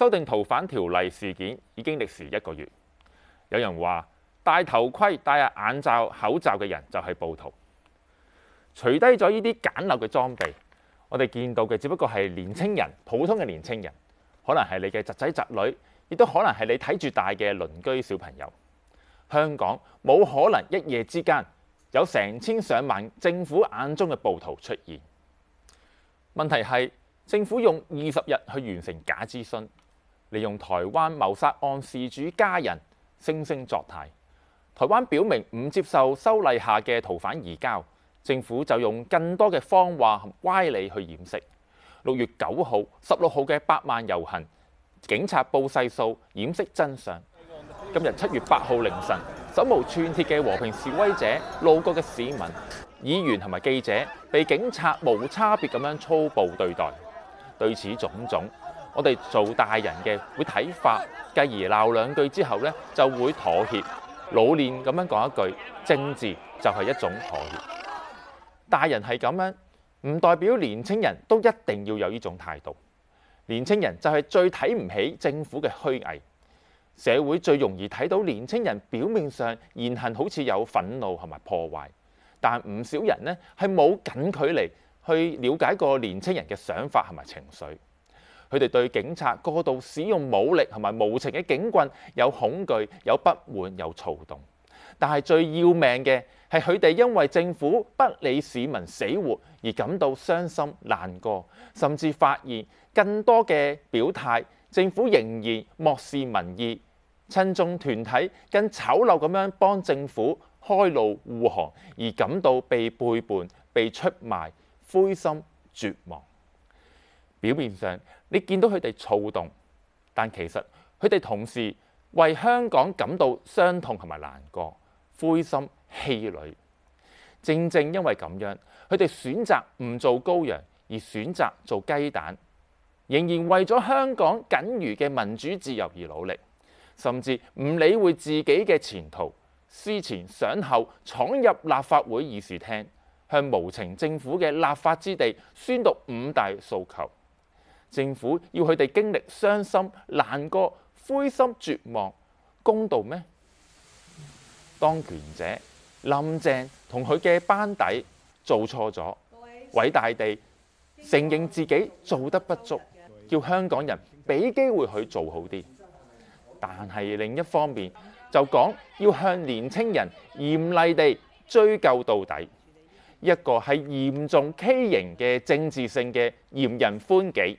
修定逃犯條例事件已經歷時一個月，有人話戴頭盔、戴下眼罩、口罩嘅人就係暴徒。除低咗呢啲簡陋嘅裝備，我哋見到嘅只不過係年青人，普通嘅年青人，可能係你嘅侄仔侄女，亦都可能係你睇住大嘅鄰居小朋友。香港冇可能一夜之間有成千上萬政府眼中嘅暴徒出現。問題係政府用二十日去完成假諮詢。利用台灣謀殺案事主家人惺惺作態，台灣表明唔接受修例下嘅逃犯移交，政府就用更多嘅謊話同歪理去掩飾。六月九號、十六號嘅百萬遊行，警察報細數掩飾真相。今日七月八號凌晨，手無寸鐵嘅和平示威者、路過嘅市民、議員同埋記者，被警察無差別咁樣粗暴對待。對此種種。我哋做大人嘅會睇法，繼而鬧兩句之後咧，就會妥協老練咁樣講一句，政治就係一種妥協。大人係咁樣，唔代表年青人都一定要有呢種態度。年青人就係最睇唔起政府嘅虛偽，社會最容易睇到年青人表面上言行好似有憤怒同埋破壞，但唔少人咧，係冇近距離去了解過年青人嘅想法同埋情緒。佢哋對警察過度使用武力同埋無情嘅警棍有恐懼、有不滿、有躁動。但係最要命嘅係佢哋因為政府不理市民死活而感到傷心難過，甚至發現更多嘅表態。政府仍然漠視民意、親中團體更醜陋咁樣幫政府開路護航，而感到被背叛、被出賣、灰心絕望。表面上你見到佢哋躁動，但其實佢哋同時為香港感到傷痛同埋難過、灰心氣餒。正正因為咁樣，佢哋選擇唔做羔羊，而選擇做雞蛋，仍然為咗香港僅餘嘅民主自由而努力，甚至唔理會自己嘅前途，思前想後闖入立法會議事廳，向無情政府嘅立法之地宣讀五大訴求。政府要佢哋經歷傷心、難過、灰心、絕望，公道咩？當權者林鄭同佢嘅班底做錯咗，偉大地承認自己做得不足，叫香港人俾機會去做好啲。但係另一方面就講要向年青人嚴厲地追究到底，一個係嚴重畸形嘅政治性嘅嚴人歡己。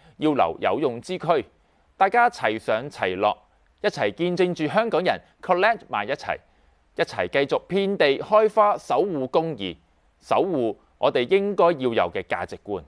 要留有用之軀，大家齊上齊落，一齊見證住香港人 collect 埋一齊，一齊繼續遍地開花，守護公義，守護我哋應該要有嘅價值觀。